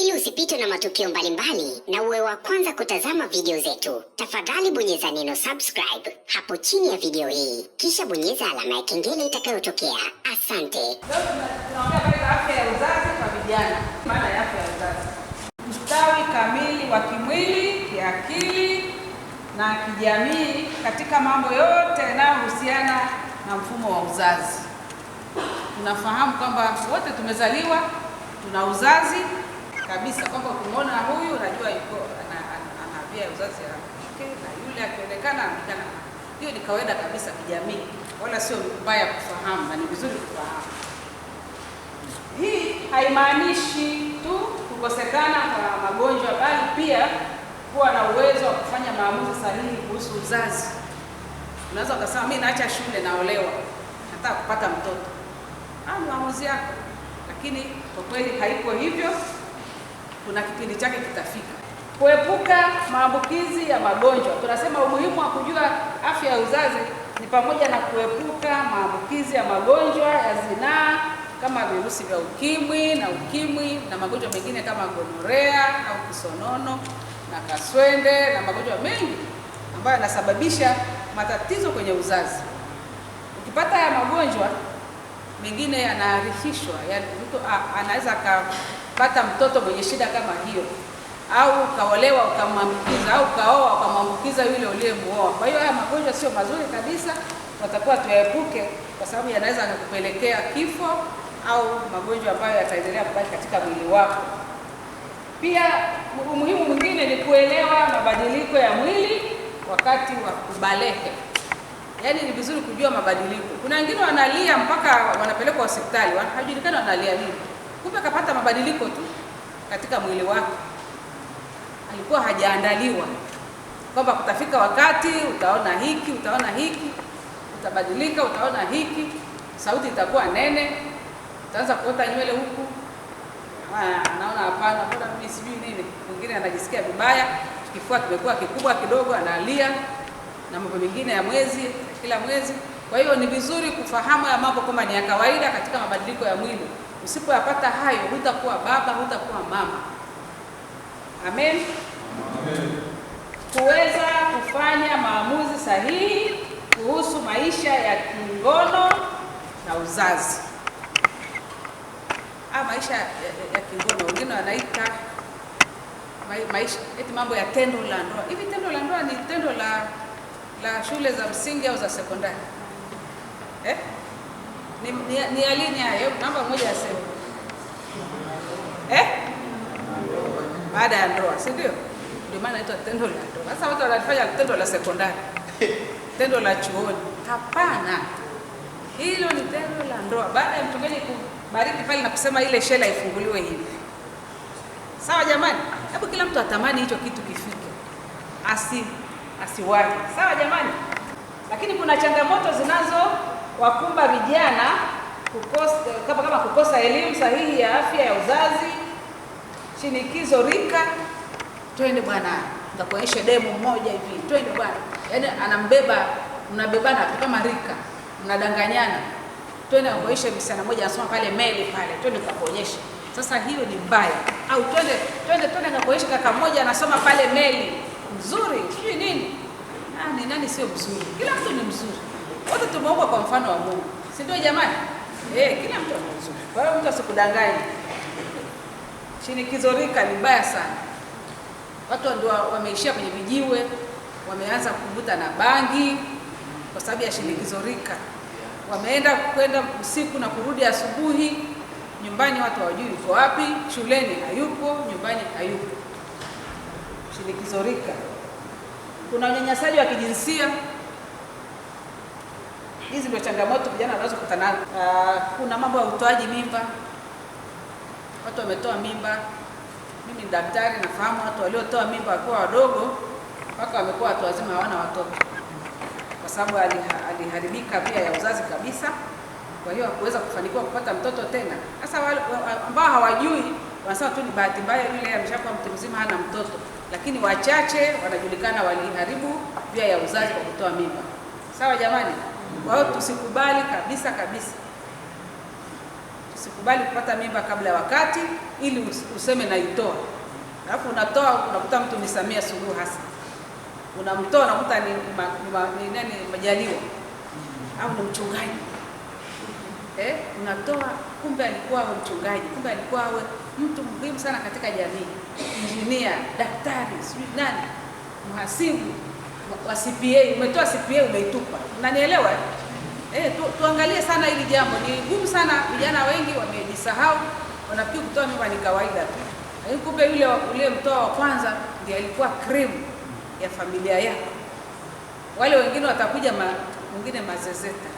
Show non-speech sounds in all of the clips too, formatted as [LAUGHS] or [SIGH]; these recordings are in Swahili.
Ili usipitwe na matukio mbalimbali na uwe wa kwanza kutazama video zetu, tafadhali bonyeza neno subscribe hapo chini ya video hii, kisha bonyeza alama ya kengele itakayotokea. Asante. ya uzazi ustawi kamili wa kimwili, kiakili na kijamii, katika mambo yote yanayohusiana na mfumo wa uzazi. Tunafahamu kwamba wote tumezaliwa tuna uzazi kabisa kwamba ukimwona huyu unajua yuko anaambia uzazi mke na yule akionekana anaonekana. Hiyo ni kawaida kabisa kijamii, wala sio mbaya kufahamu, na ni vizuri kufahamu. Hii haimaanishi tu kukosekana kwa magonjwa, bali pia kuwa na uwezo wa kufanya maamuzi sahihi kuhusu uzazi. Unaweza ukasema mi naacha shule, naolewa, nataka kupata mtoto. Ah, maamuzi yako, lakini kwa kweli haiko hivyo kuna kipindi chake kitafika. Kuepuka maambukizi ya magonjwa, tunasema umuhimu wa kujua afya ya uzazi ni pamoja na kuepuka maambukizi ya magonjwa ya zinaa kama virusi vya ukimwi na ukimwi na magonjwa mengine kama gonorea au kisonono na kaswende na magonjwa mengi ambayo yanasababisha matatizo kwenye uzazi. Ukipata ya magonjwa mengine yanaarifishwa, yani mtu anaweza ukapata mtoto mwenye shida kama hiyo, au ukaolewa ukamwambukiza, au ukaoa ukamwambukiza yule uliyemuoa. Kwa hiyo haya magonjwa sio mazuri kabisa, tunatakiwa tuyaepuke, kwa sababu yanaweza kupelekea kifo au magonjwa ambayo yataendelea kubaki katika mwili wako. Pia umuhimu mwingine ni kuelewa mabadiliko ya mwili wakati wa kubalehe. Yaani ni vizuri kujua mabadiliko. Kuna wengine wanalia mpaka wanapelekwa hospitali, hajulikani wanalia nini. Kumbe akapata mabadiliko tu katika mwili wake, alikuwa hajaandaliwa kwamba kutafika wakati utaona hiki, utaona hiki, utabadilika, utaona hiki, sauti itakuwa nene, utaanza kuota nywele huku, ah, Naona hapana, mbona mimi sijui nini. Mwingine anajisikia vibaya, kifua kimekuwa kikubwa kidogo, analia na mambo mengine ya mwezi, kila mwezi. Kwa hiyo ni vizuri kufahamu ya mambo kwamba ni ya kawaida katika mabadiliko ya mwili. Usipoyapata hayo, hutakuwa baba, hutakuwa mama. Amen, amen. Kuweza kufanya maamuzi sahihi kuhusu maisha ya kingono na uzazi. Ah, maisha ya, ya, ya kingono wengine wanaita maisha eti mambo ya tendo la ndoa. Hivi tendo la ndoa ni tendo la la shule za msingi au za sekondari eh? ni alini hayo namba moja ya eh, baada ya ndoa, si ndio? Ndio maana inaitwa tendo la ndoa. Sasa watu wanafanya tendo la sekondari, [LAUGHS] tendo la chuoni. Hapana, hilo ni tendo la ndoa. Baada ya mchungaji kubariki pale na kusema ile shela ifunguliwe hivi, sawa? Jamani, hebu kila mtu atamani hicho kitu kifike, asi asiwaje? Sawa jamani, lakini kuna changamoto zinazo wakumba vijana kukosa, kama kukosa elimu sahihi ya afya ya uzazi, shinikizo rika. Twende bwana, nitakuonyesha demu mmoja hivi, twende bwana. Yani anambeba, mnabebana kama rika, mnadanganyana. Twende kuonyesha msichana mmoja anasoma pale meli pale, twende kuonyesha. Sasa hiyo ni mbaya. Au twende twende twende kuonyesha kaka mmoja anasoma pale meli, mzuri sijui nini. Ah, ni nani sio mzuri? Kila mtu ni mzuri. Wote tumeumbwa kwa mfano wa Mungu, si ndio jamani? Eh, kila mtu ana uzuri. Kwa hiyo mtu asikudanganye. Shinikizo rika ni baya sana. Watu ndio wameishia kwenye vijiwe, wameanza kuvuta na bangi kwa sababu ya shinikizo rika. Wameenda kwenda usiku na kurudi asubuhi, nyumbani watu hawajui yuko wapi, shuleni hayupo, nyumbani hayupo. Shinikizo rika. Kuna unyanyasaji wa kijinsia Hizi ndio changamoto vijana wanazokutana nazo. Ah, kuna mambo ya utoaji mimba, watu wametoa mimba. Mimi ni daktari, nafahamu watu waliotoa mimba wakiwa wadogo mpaka wamekuwa watu wazima, hawana watoto kwa sababu aliharibika pia ya uzazi kabisa, kwa hiyo hakuweza kufanikiwa kupata mtoto tena. Sasa ambao hawajui wanasema tu ni bahati mbaya, yule ameshakuwa mtu mzima hana mtoto, lakini wachache wanajulikana waliharibu pia ya uzazi kwa kutoa mimba. Sawa jamani? Kwa hiyo tusikubali kabisa kabisa, tusikubali kupata mimba kabla ya wakati, ili useme naitoa, alafu unatoa unakuta mtu ni Samia Suluhu Hassan, unamtoa unakuta ni nani, Majaliwa au ni mchungaji eh, unatoa kumbe alikuwa awe mchungaji, kumbe alikuwa awe mtu muhimu sana katika jamii, injinia, daktari, sijui nani, mhasibu wa CPA, umetoa CPA umeitupa, unanielewa eh? Tu, tuangalie sana hili jambo, ni gumu sana, vijana wengi wamejisahau, wanafikiri kutoa mimba ni kawaida tu, lakini eh, kumbe yule mtoa wa kwanza ndiye alikuwa cream ya familia yako. Wale wengine watakuja ma, wengine mazezeta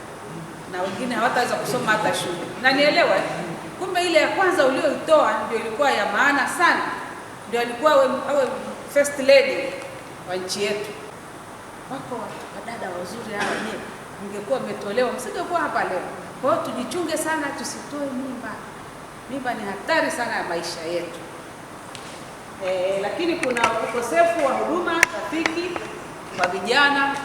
na wengine hawataweza kusoma hata shule, unanielewa? Kumbe ile ya kwanza ulioitoa ndio ilikuwa ya maana sana, ndio alikuwa awe first lady wa nchi yetu wako wadada wazuri hawa ni mngekuwa umetolewa msingekuwa hapa leo. Kwa hiyo tujichunge sana, tusitoe mimba. Mimba ni hatari sana ya maisha yetu. E, lakini kuna ukosefu wa huduma rafiki kwa vijana.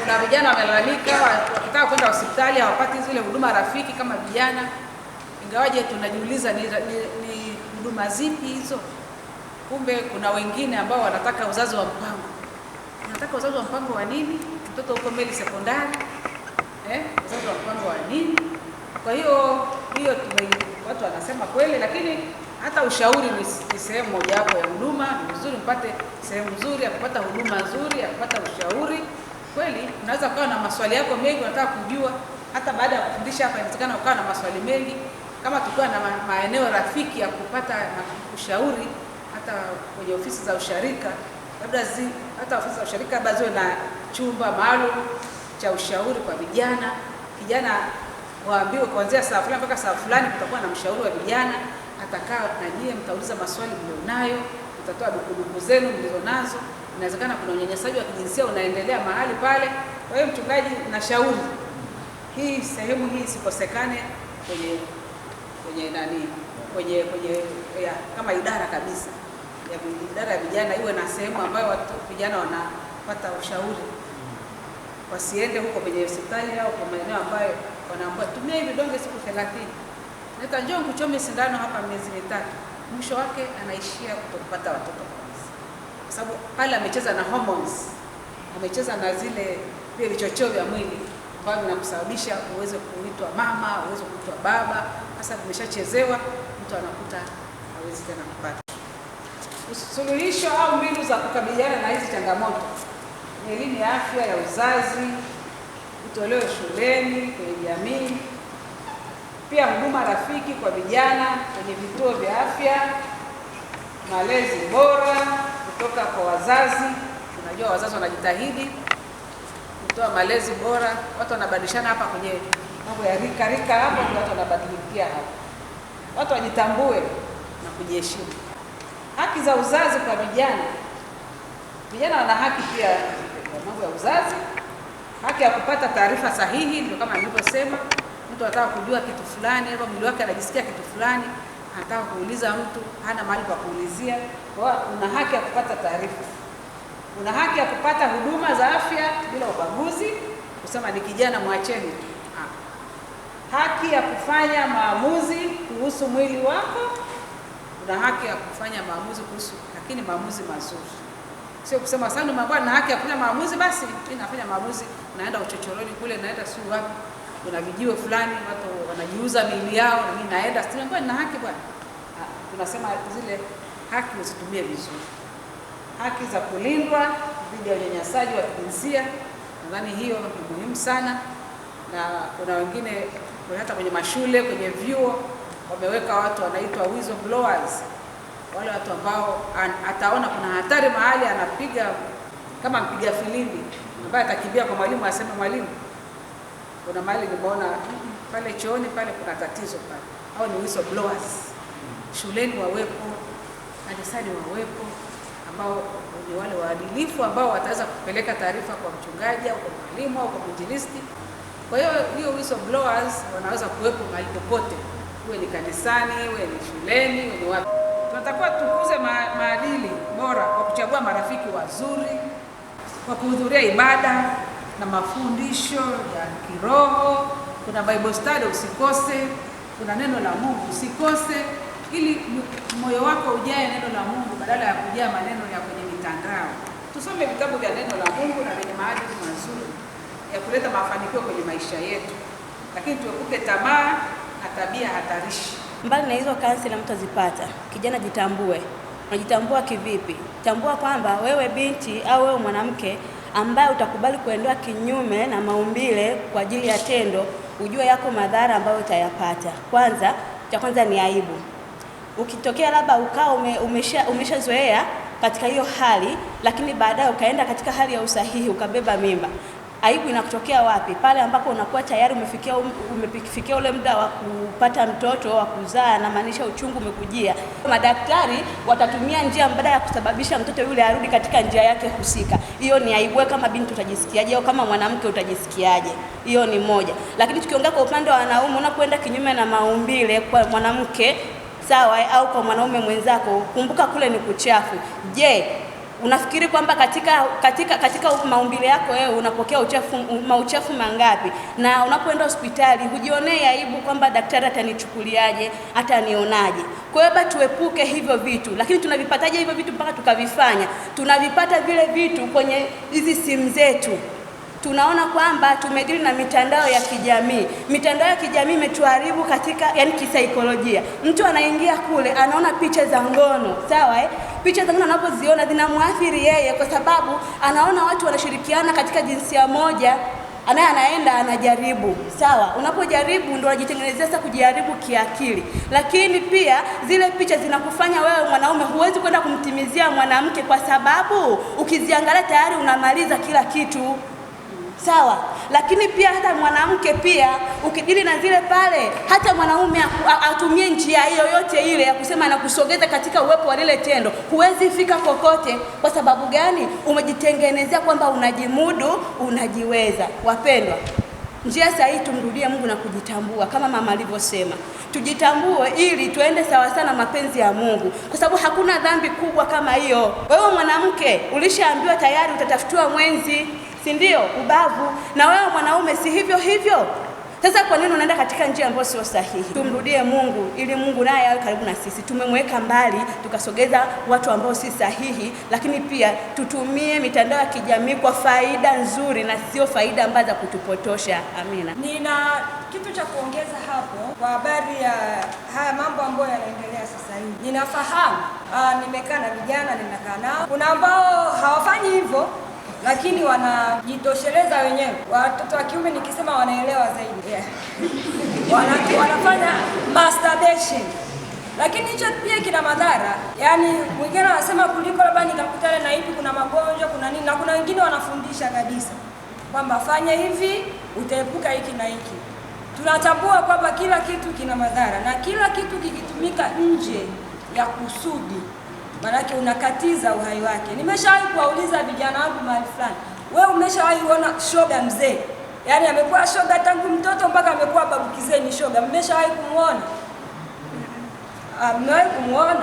Kuna vijana wamelalamika wakitaka kwenda hospitali hawapati zile huduma rafiki kama vijana, ingawaje tunajiuliza ni huduma zipi hizo? Kumbe kuna wengine ambao wanataka uzazi wa mpango Nataka wazazi wa mpango wa nini? Mtoto uko Meli Sekondari eh, wazazi wa mpango wa nini? Kwa hiyo hiyo watu wanasema kweli, lakini hata ushauri ni sehemu mojawapo ya huduma. Ni vizuri mpate sehemu nzuri ya kupata huduma nzuri ya kupata ushauri. Kweli unaweza ukawa na maswali yako mengi unataka kujua, hata baada ya kufundisha hapa inawezekana ukawa na maswali mengi. Kama tukiwa na maeneo rafiki ya kupata ushauri, hata kwenye ofisi za usharika labda zi, hata ofisi za ushirika labda ziwe na chumba maalum cha ushauri kwa vijana. Kijana waambiwe kuanzia saa fulani mpaka saa fulani kutakuwa na mshauri wa vijana, atakaa na nyie, mtauliza maswali mlionayo, mtatoa dukuduku zenu mlizonazo. Inawezekana kuna unyanyasaji wa kijinsia unaendelea mahali pale. Kwa hiyo, mchungaji, nashauri hii sehemu hii isikosekane kwenye kwenye nani kwenye kwenye ya, kama idara kabisa ya idara ya vijana iwe na sehemu ambayo watu vijana wanapata ushauri, wasiende huko kwenye hospitali au kwa maeneo ambayo wanaambiwa tumia hivi donge siku 30, neta njoo kuchome sindano hapa miezi mitatu, mwisho wake anaishia kutopata watoto kabisa, kwa sababu pale amecheza na hormones, amecheza na zile vile vichocheo vya mwili ambavyo vinakusababisha uweze kuitwa mama, uweze kuitwa baba. Sasa vimeshachezewa, mtu anakuta hawezi tena kupata Suluhisho au mbinu za kukabiliana na hizi changamoto ni elimu ya afya ya uzazi, utolewe shuleni, kwenye jamii, pia huduma rafiki kwa vijana kwenye vituo vya afya, malezi bora kutoka kwa wazazi. Tunajua wazazi wanajitahidi kutoa malezi bora, watu wanabadilishana hapa kwenye mambo ya rika rika, hapo watu wanabadilikia hapo, watu wajitambue na kujiheshimu haki za uzazi kwa vijana. Vijana wana haki pia mambo ya uzazi, haki ya kupata taarifa sahihi. Ndio kama nilivyosema, mtu anataka kujua kitu fulani au mwili wake anajisikia kitu fulani, anataka kuuliza mtu, hana mahali pa kuulizia. Kwa hiyo una haki ya kupata taarifa, una haki ya kupata huduma za afya bila ubaguzi, kusema ni kijana mwacheni tu. Ah. Haki ya kufanya maamuzi kuhusu mwili wako una haki ya kufanya maamuzi kuhusu, lakini maamuzi mazuri, sio kusema sana mambo na haki ya kufanya maamuzi, basi mimi nafanya maamuzi, naenda uchochoroni kule, naenda si wapi, kuna vijio fulani watu wanajiuza miili yao, na mimi naenda sio, na haki bwana. Ah, tunasema zile haki uzitumie vizuri, haki za kulindwa dhidi ya unyanyasaji wa kijinsia. Nadhani hiyo ni muhimu sana, na kuna wengine hata kwenye mashule, kwenye vyuo wameweka watu wanaitwa whistle blowers, wale watu ambao an, ataona kuna hatari mahali anapiga kama mpiga filimbi ambaye atakimbia kwa mwalimu aseme, mwalimu, kuna mahali nimeona pale chooni pale kuna tatizo pale. Hao ni whistle blowers. Shuleni wawepo, kanisani wawepo, ambao ni wale waadilifu ambao wataweza kupeleka taarifa kwa mchungaji au kwa mwalimu au kwa mwinjilisti. Kwa hiyo hiyo whistle blowers wanaweza kuwepo mahali popote uwe ni kanisani, uwe ni shuleni, uwe ni wapi. Tunatakiwa tukuze maadili bora kwa kuchagua marafiki wazuri, kwa kuhudhuria ibada na mafundisho ya kiroho. Kuna Bible study usikose, kuna neno la Mungu usikose, ili moyo wako ujae neno la Mungu badala ya kujaa maneno ya kwenye mitandao. Tusome vitabu vya neno la Mungu na vyenye maadili mazuri ya kuleta mafanikio kwenye maisha yetu, lakini tuepuke tamaa na tabia hatarishi. Mbali na hizo kansela mtu azipata, kijana jitambue. Unajitambua kivipi? Tambua kwamba wewe binti au wewe mwanamke ambaye utakubali kuendewa kinyume na maumbile kwa ajili ya tendo, ujue yako madhara ambayo utayapata. Kwanza, cha kwanza ni aibu. Ukitokea labda ukaa umeshazoea umesha katika hiyo hali, lakini baadaye ukaenda katika hali ya usahihi ukabeba mimba Aibu inakutokea wapi? Pale ambapo unakuwa tayari umefikia um, umefikia ule muda wa kupata mtoto wa kuzaa, na maanisha uchungu umekujia. Madaktari watatumia njia mbadala ya kusababisha mtoto yule arudi katika njia yake husika. Hiyo ni aibu. Kama binti utajisikiaje, au kama mwanamke utajisikiaje? Hiyo ni moja. Lakini tukiongea kwa upande wa wanaume, unakwenda kinyume na maumbile kwa mwanamke sawa, au kwa mwanaume mwenzako, kumbuka kule ni kuchafu. Je, Unafikiri kwamba katika katika katika maumbile yako wewe unapokea uchafu mauchafu mangapi? Na unapoenda hospitali hujionee aibu kwamba daktari atanichukuliaje, atanionaje? Kwa hiyo tuepuke hivyo vitu. Lakini tunavipataje hivyo vitu mpaka tukavifanya? Tunavipata vile vitu kwenye hizi simu zetu tunaona kwamba tumedili na mitandao ya kijamii. Mitandao ya kijamii imetuharibu katika, yani kisaikolojia. Mtu anaingia kule anaona picha za ngono, sawa eh? Picha za ngono anapoziona zinamwathiri yeye, kwa sababu anaona watu wanashirikiana katika jinsia moja anaye anaenda anajaribu, sawa. Unapojaribu ndio unajitengenezea sasa kujaribu kiakili, lakini pia zile picha zinakufanya wewe mwanaume huwezi kwenda kumtimizia mwanamke, kwa sababu ukiziangalia tayari unamaliza kila kitu sawa, lakini pia hata mwanamke pia ukidili na zile pale, hata mwanaume atumie njia hiyo yote ile ya kusema kusogeza katika uwepo wa lile tendo, huwezi fika kokote. Kwa sababu gani? Umejitengenezea kwamba unajimudu, unajiweza. Wapendwa, njia sahihi tumrudie Mungu na kujitambua kama mama alivyosema, tujitambue ili tuende sawa sana mapenzi ya Mungu, kwa sababu hakuna dhambi kubwa kama hiyo. Wewe mwanamke ulishaambiwa tayari, utatafutiwa mwenzi si ndio? Ubavu. Na wewe mwanaume, si hivyo hivyo? Sasa kwa nini unaenda katika njia ambayo sio sahihi? Tumrudie Mungu ili Mungu naye awe karibu na sisi. Tumemweka mbali, tukasogeza watu ambao si sahihi, lakini pia tutumie mitandao ya kijamii kwa faida nzuri na sio faida ambazo za kutupotosha. Amina. Nina kitu cha kuongeza hapo kwa habari ya haya mambo ambayo yanaendelea sasa hivi. Ninafahamu, ah, nimekaa na vijana, ninakaa nao, kuna ambao hawafanyi hivyo lakini wanajitosheleza wenyewe. Watoto wa kiume nikisema wanaelewa zaidi yeah. [LAUGHS] Wana, wanafanya masturbation, lakini hicho pia kina madhara. Yaani mwingine anasema kuliko labda nikakutana na hivi, kuna magonjwa, kuna nini, na kuna wengine wanafundisha kabisa kwamba fanya hivi utaepuka hiki na hiki. Tunatambua kwamba kila kitu kina madhara na kila kitu kikitumika nje ya kusudi maanake unakatiza uhai wake. Nimeshawahi kuwauliza vijana wangu mahali fulani, we umeshawahi kuona shoga mzee? Yaani amekuwa shoga tangu mtoto mpaka amekuwa babu kizeni shoga. Mmeshawahi kumwona? Ah, mmewahi kumwona?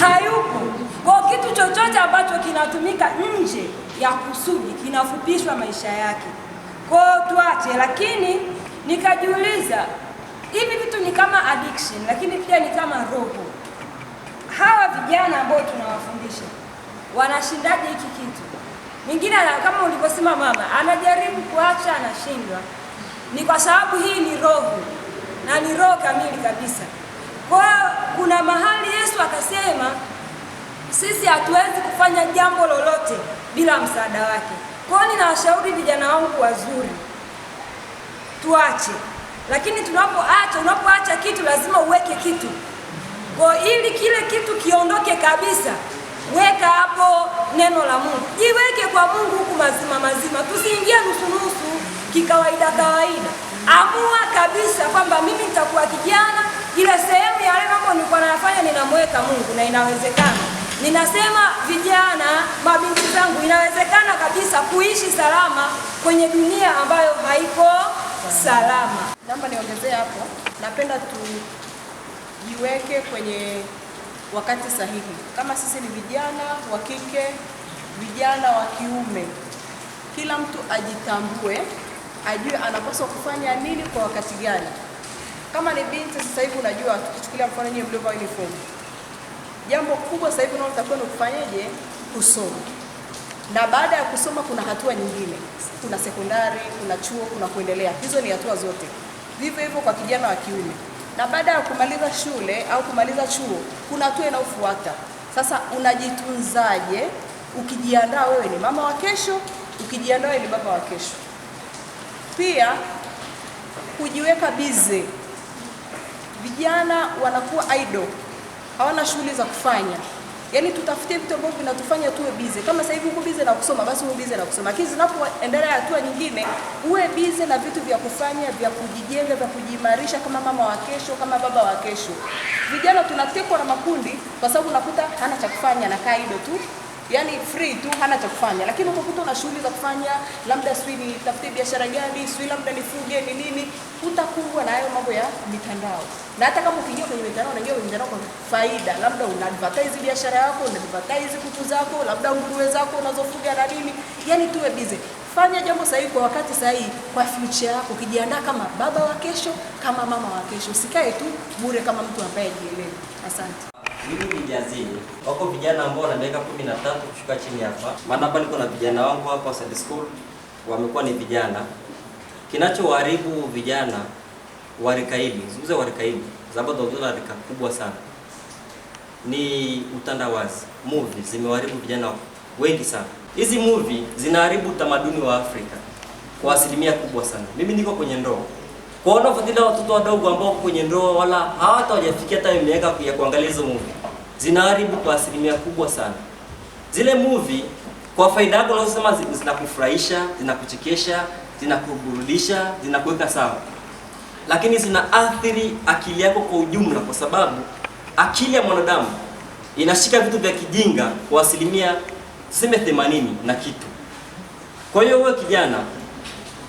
Hayupo. Kwa kitu chochote ambacho kinatumika nje ya kusudi kinafupishwa maisha yake, kwa tuache. Lakini nikajiuliza hivi vitu ni kama addiction, lakini pia ni kama roho hawa vijana ambao tunawafundisha wanashindaje hiki kitu? mingine kama ulivyosema mama, anajaribu kuacha, anashindwa. Ni kwa sababu hii ni roho na ni roho kamili kabisa. Kwa kuna mahali Yesu akasema sisi hatuwezi kufanya jambo lolote bila msaada wake. Kwa hiyo ninawashauri vijana wangu wazuri, tuache. Lakini tunapoacha, unapoacha kitu lazima uweke kitu kwa ili kile kitu kiondoke kabisa, weka hapo neno la Mungu, jiweke kwa Mungu huku mazima mazima, tusiingie nusu nusu kikawaida kawaida. Amua kabisa kwamba mimi nitakuwa kijana, ile sehemu ya yale mambo nilikuwa nayafanya ninamweka Mungu, na inawezekana ninasema vijana, mabinti zangu, inawezekana kabisa kuishi salama kwenye dunia ambayo haiko salama. Naomba niongezee hapo, napenda tu jiweke kwenye wakati sahihi. Kama sisi ni vijana wa kike, vijana wa kiume, kila mtu ajitambue, ajue anapaswa kufanya nini kwa wakati gani. Kama ni binti, sasa hivi unajua, tukichukulia mfano nyewe mliovaa uniform, jambo kubwa sasa hivi unalotakiwa ni Kusoma. Na baada ya kusoma kuna hatua nyingine, kuna sekondari, kuna chuo, kuna kuendelea. Hizo ni hatua zote, vivyo hivyo kwa kijana wa kiume na baada ya kumaliza shule au kumaliza chuo kuna hatua inayofuata. Sasa unajitunzaje? Ukijiandaa wewe ni mama wa kesho, ukijiandaa wewe ni baba wa kesho. Pia kujiweka bize. Vijana wanakuwa idle, hawana shughuli za kufanya. Yaani tutafute vitu ambavyo vinatufanya tuwe bize Kama sasa hivi uko bize na kusoma, basi uko bize na kusoma. Lakini zinapoendelea hatua nyingine, uwe bize na vitu vya kufanya, vya kujijenga, vya kujiimarisha kama mama wa kesho, kama baba wa kesho. Vijana tunatekwa na makundi kwa sababu unakuta hana cha kufanya, anakaa ido tu yani free tu, hana cha kufanya, lakini unakuta na shughuli za kufanya, labda sijui nitafutie biashara gani, sijui labda nifuge ni nini, utakumbwa na hayo mambo ya mitandao. Na hata kama ukiingia kwenye mitandao, unaingia kwenye mitandao kwa faida, labda una advertise biashara yako, una advertise kuku zako, labda nguruwe zako unazofuga na nini, yani tuwe busy. Fanya jambo sahihi kwa wakati sahihi, kwa future yako, ukijiandaa kama baba wa kesho, kama mama wa kesho. Usikae tu bure kama mtu ambaye hajielewi. Asante mimi jazini wako vijana ambao wana miaka kumi na tatu kushuka chini hapa, maana hapa niko na vijana wangu hapa wa Sunday school, wamekuwa ni vijana. Kinachowaharibu vijana warika hili zuza warika hili ndio rika kubwa sana ni utandawazi. Movie zimewaharibu vijana wengi sana. Hizi movie zinaharibu utamaduni wa Afrika kwa asilimia kubwa sana. Mimi niko kwenye ndoa kuona fadhila watoto wadogo ambao kwenye ndoa wala hata hawajafikia hata miaka ya kuangalia hizo movie zinaharibu kwa asilimia kubwa sana. Zile movie kwa faida yako unazosema zinakufurahisha, zinakuchekesha, zinakuburudisha, zinakuweka sawa, lakini zinaathiri akili yako kwa ujumla, kwa sababu akili ya mwanadamu inashika vitu vya kijinga kwa asilimia tuseme themanini na kitu. Kwa hiyo wewe kijana,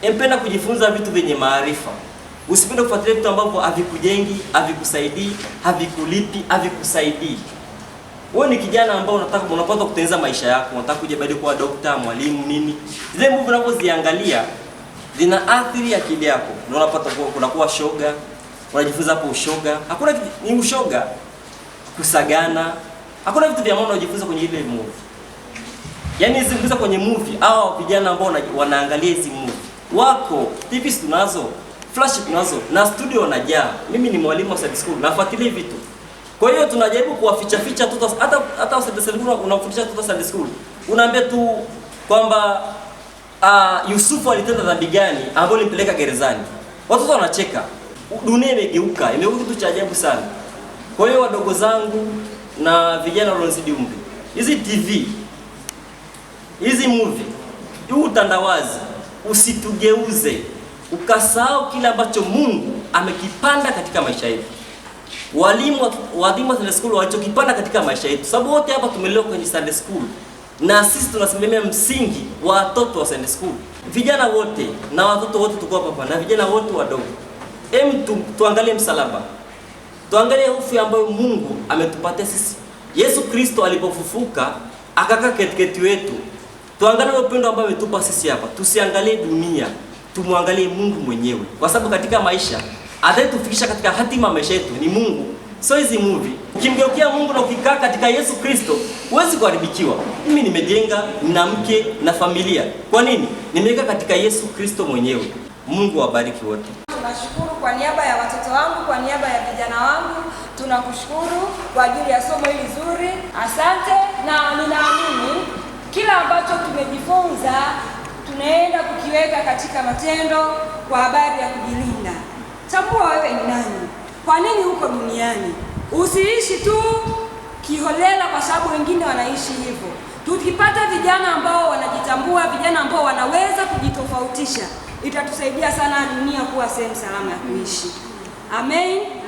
empenda kujifunza vitu vyenye maarifa. Usipende kufuatilia vitu ambavyo havikujengi, havikusaidii, havikulipi, havikusaidii. Wewe ni kijana ambao unataka unapata kutengeneza maisha yako, unataka kujibadili kuwa dokta, mwalimu, nini. Zile movie unapoziangalia zina athari ya akili yako. Na unapata kuwa unakuwa shoga, unajifunza hapo ushoga. Hakuna ni ushoga kusagana. Hakuna vitu vya maana unajifunza kwenye ile movie. Yaani zinguza kwenye movie au vijana ambao wanaangalia hizo movie. Wako, tips tunazo flash tunazo na studio wanajaa. Mimi ni mwalimu wa Sunday school, nafuatilia vitu. Kwa hiyo tunajaribu kuwaficha ficha tuta, hata hata unafundisha tuta Sunday school, unaambia tu kwamba uh, Yusufu alitenda dhambi gani ambayo limpeleka gerezani. Watoto wanacheka. Dunia imegeuka, imekuwa kitu cha ajabu sana. Kwa hiyo wadogo zangu na vijana walionizidi umri, hizi TV hizi movie, huu utandawazi usitugeuze ukasahau kile ambacho Mungu amekipanda katika maisha yetu, walimu waalimu wa Sunday school walichokipanda katika maisha yetu, sababu wote hapa tumelelewa kwenye Sunday school na sisi tunasimamia msingi wa watoto wa Sunday school. Vijana wote na watoto wote tuko hapa na vijana wote wadogo, Em, tu, tuangalie msalaba, tuangalie hofu ambayo Mungu ametupatia sisi. Yesu Kristo alipofufuka akakaa katikati wetu, tuangalie upendo ambao ametupa sisi hapa, tusiangalie dunia tumwangalie Mungu mwenyewe, kwa sababu katika maisha atayetufikisha katika hatima maisha yetu ni Mungu, sio hizi movie. Ukimgeukia Mungu na ukikaa katika Yesu Kristo huwezi kuharibikiwa. Mimi nimejenga na mke na familia, kwa nini? Nimeweka katika Yesu Kristo mwenyewe. Mungu awabariki wote. Tunashukuru kwa niaba ya watoto wangu, kwa niaba ya vijana wangu, tunakushukuru kwa ajili ya somo hili zuri. Asante, na ninaamini kila ambacho tumejifunza tunaenda kukiweka katika matendo kwa habari ya kujilinda. Tambua wewe ni nani, kwa nini huko duniani. Usiishi tu kiholela, kwa sababu wengine wanaishi hivyo. Tukipata vijana ambao wanajitambua, vijana ambao wanaweza kujitofautisha, itatusaidia sana dunia kuwa sehemu salama ya kuishi. Amen.